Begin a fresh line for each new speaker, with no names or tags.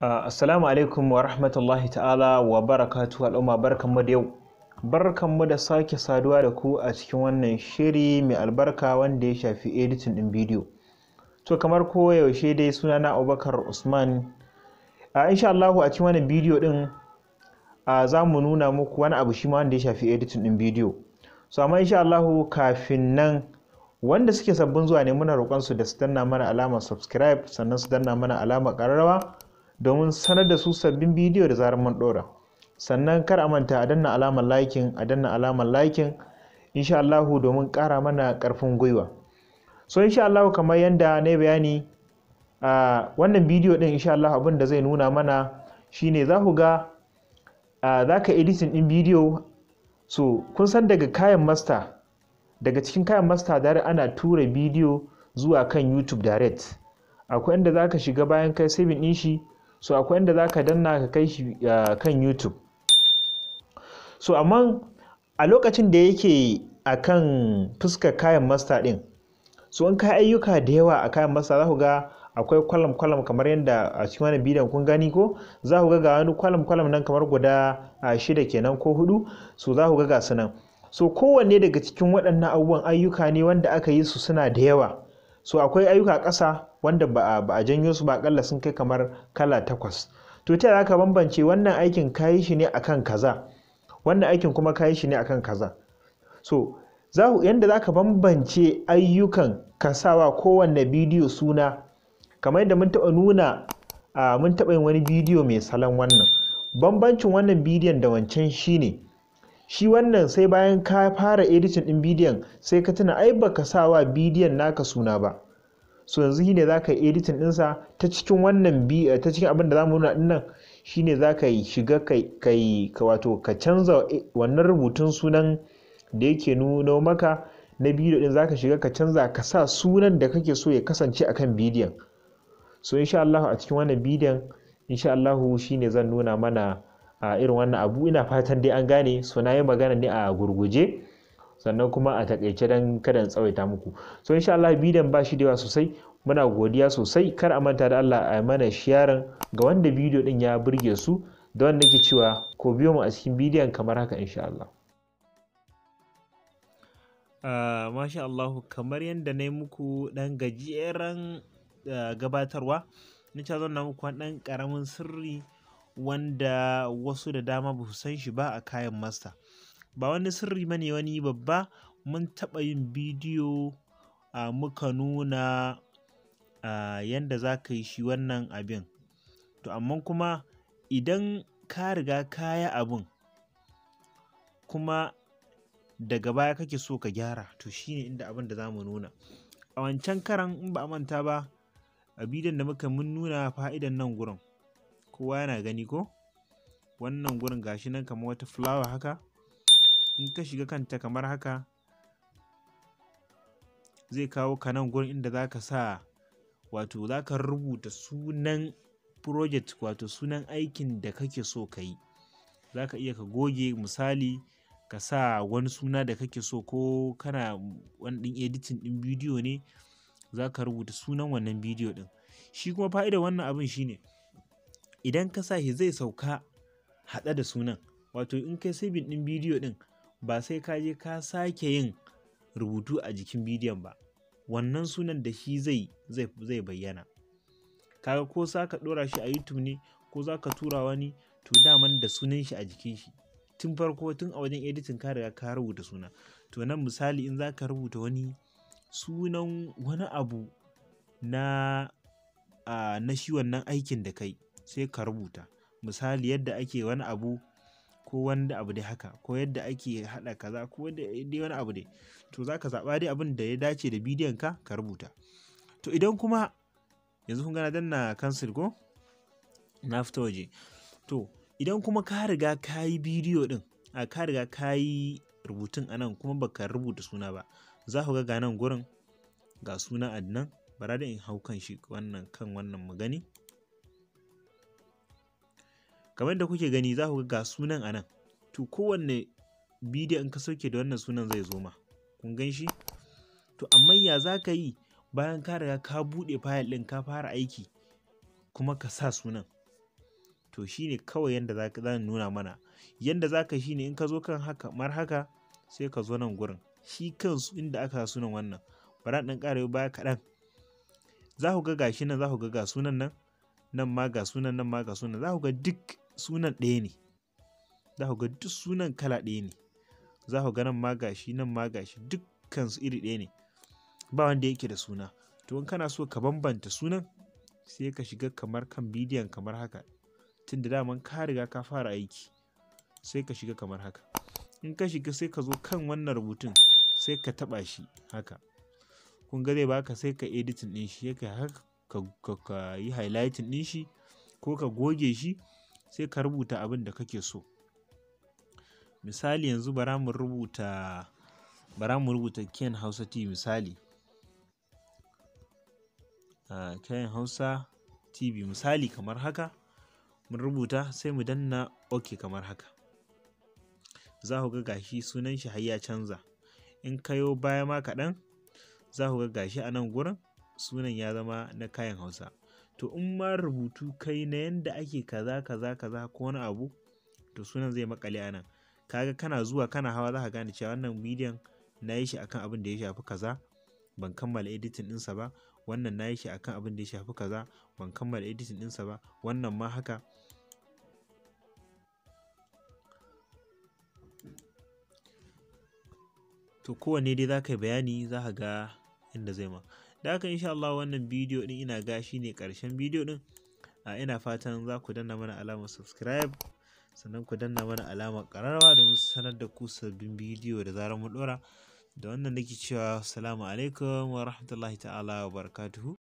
Ah, assalamu alaikum wa rahmatullahi ta'ala wa barakatu al'umma barkan mu da yau barkan mu da sake saduwa da ku a cikin wannan shiri mai albarka wanda ya shafi editing din bidiyo to kamar ko yaushe dai suna na abubakar usman a ah, insha Allah a cikin wannan bidiyo din a ah, za mu nuna muku wani abu shi ma wanda ya shafi editing din bidiyo so amma insha Allah kafin nan wanda suke sabbin zuwa ne muna roƙon su da su danna mana alamar subscribe sannan su danna mana alamar ƙararrawa domin sanar da su sabbin bidiyo da zarar mun ɗora sannan kar a manta a danna alamar likin a danna alamar likin insha Allahu domin ƙara mana karfin gwiwa so insha Allahu kamar yadda na bayani a wannan bidiyo din insha Allahu abin da zai nuna mana shine za ku ga za ka editing din bidiyo so kun san daga kayan masta daga cikin kayan masta dare ana tura bidiyo zuwa kan YouTube direct akwai inda za ka shiga bayan kai saving din shi so akwai inda za ka danna ka kai shi kan youtube so amma a lokacin da yake a kan fuskar kayan masta ɗin so in kai ayyuka da yawa a kayan masta za ku ga akwai kwalam kwalam kamar yadda a cikin wani bidon kun gani ko za ku ga ga wani kwalam kwalam nan kamar guda shida kenan ko hudu so za ku ga ga su nan so kowanne daga cikin waɗannan abubuwan ayyuka ne wanda aka yi su suna da yawa so akwai ayyuka ƙasa wanda ba a janyo su ba akalla sun kai kamar kala takwas to ta za ka bambance wannan aikin ka yi shi ne akan kaza wannan aikin kuma kayi shi ne akan kaza so yadda za ka bambance ayyukan kasawa kowanne bidiyo suna kamar yadda mun taɓa nuna mun taɓa yin wani bidiyo mai salon wannan bambancin wannan bidiyon da wancan shine shi wannan sai bayan ka fara editing ɗin bidiyon sai ka tuna ai baka sa wa bidiyon naka suna ba so yanzu shine za yi editing dinsa ta cikin wannan eh, ta cikin abin da za nuna din nan shine za ka yi shiga kai kai ka wato ka canza eh, wannan rubutun sunan da yake nuna maka na bidiyo ɗin zaka shiga ka canza ka sa sunan da kake so ya kasance akan bidiyon so insha Allah a cikin wannan bidiyon insha Allah shine zan nuna mana a irin wannan abu ina fatan dai an gane so na yi magana ne a gurguje sannan kuma a takaice dan kada in tsawaita muku so insha Allah bidiyon ba shi da yawa sosai muna godiya sosai kar a manta da Allah a mana sharing ga wanda bidiyo din ya burge su da wanda ke cewa ko biyo mu a cikin bidiyon kamar haka insha Allah ah, Masha Allah kamar yadda na yi muku dan gajeren ah, gabatarwa, ni ta zauna muku ɗan karamin sirri wanda wasu da dama ba su san shi ba a kayan masta ba wani sirri ne wani babba mun taɓa yin bidiyo a muka nuna yadda za ka yi shi wannan abin to amma kuma idan ka riga kaya abin kuma daga baya kake so ka gyara to shine inda abin da za mu nuna a wancan karan in ba a manta ba a bidiyon da muka mun nuna fa'idan nan gurin kowa yana gani ko wannan gurin gashi nan kamar wata fulawa haka in ka shiga kanta kamar haka zai kawo ka nan gurin inda za ka sa wato za ka rubuta sunan project wato sunan aikin da kake so ka yi za ka iya ka goge misali ka sa wani suna da kake so ko kana wani ɗin editing ɗin bidiyo ne za ka rubuta sunan wannan bidiyo ɗin shi kuma fa'idar wannan abin shine ne idan ka sa shi zai sauka haɗe da sunan wato in kai saving ɗin bidiyo ɗin ba sai ka je ka sake yin rubutu a jikin bidiyon ba wannan sunan da shi zai zai bayyana kaga ko za ka ɗora shi a youtube ne ko za ka tura wani to daman da sunan shi a jikin shi tun farko tun a wajen editin ka riga ka rubuta suna to nan misali in za ka rubuta wani sunan wani abu na ah, na shi wannan aikin da kai sai ka rubuta misali yadda ake wani abu ko wanda abu dai haka ko yadda ake haɗa kaza ko dai wani abu dai to za ka zaɓa dai abin da ya dace da bidiyon ka ka rubuta to idan kuma yanzu kun gana danna cancel ko na fita waje to idan kuma ka riga ka yi bidiyo din a ka riga ka yi rubutun a nan kuma baka rubuta suna ba za ku ga ga nan gurin ga suna a nan bara da in hau kan shi wannan kan wannan magani kamar da kuke gani za ku ga sunan a nan to kowanne bidiyo in ka sauke da wannan sunan zai zo ma kun gan shi to amma ya za ka yi bayan ka riga ka buɗe fayil ɗin ka fara aiki kuma ka sa sunan to shine kawai yanda za ka nuna mana yanda za ka shine in ka zo kan haka mar haka sai ka zo nan gurin shi kansu inda aka sunan wannan bara ɗan ƙara baya kaɗan za ku ga gashi nan za ku ga ga sunan nan nan ma ga sunan nan ma ga sunan za ku ga duk sunan ɗaya ne za ku ga duk sunan kala ɗaya ne za ku ga nan magashi nan magashi dukkansu iri ɗaya ne ba wanda yake da suna to in kana so ka bambanta sunan sai ka shiga kamar kan bidiyon kamar haka tunda daman ka riga ka fara aiki sai ka shiga kamar haka in ka shiga sai ka zo kan wannan rubutun sai ka taba shi haka kun ga zai baka sai ka editing din shi yake ka yi highlighting din shi ko ka goge shi sai ka rubuta abin da kake so. Misali yanzu bara mu rubuta, bara Hausa Tea misali. Ken Hausa TV misali kamar haka mun rubuta sai mu danna OK kamar haka. Za ku ga gashi sunan shi har ya canza. In kayo baya ma kaɗan za ku ga gashi a nan gurin sunan ya zama na Kayan Hausa. to in ma rubutu kai na yadda ake kaza kaza kaza ko wani abu to sunan zai makale anan kaga kana zuwa kana hawa za ka gane cewa wannan bidiyon na yi shi akan abin da ya shafi kaza ban kammala editin ɗinsa ba wannan na yi shi akan abin da ya shafi kaza ban kammala editin ɗinsa ba wannan ma haka to kowanne dai za ka yi bayani za ka ga inda zai ma da haka insha Allah wannan bidiyo din ina ga shi ne karshen bidiyo din a ina fatan za ku danna mana alamar subscribe sannan ku danna mana alamar ƙararrawa domin sanar da ku sabbin bidiyo da zarar mu ɗora da wannan nake cewa salamu alaikum wa rahmatullahi ta'ala wa barakatuhu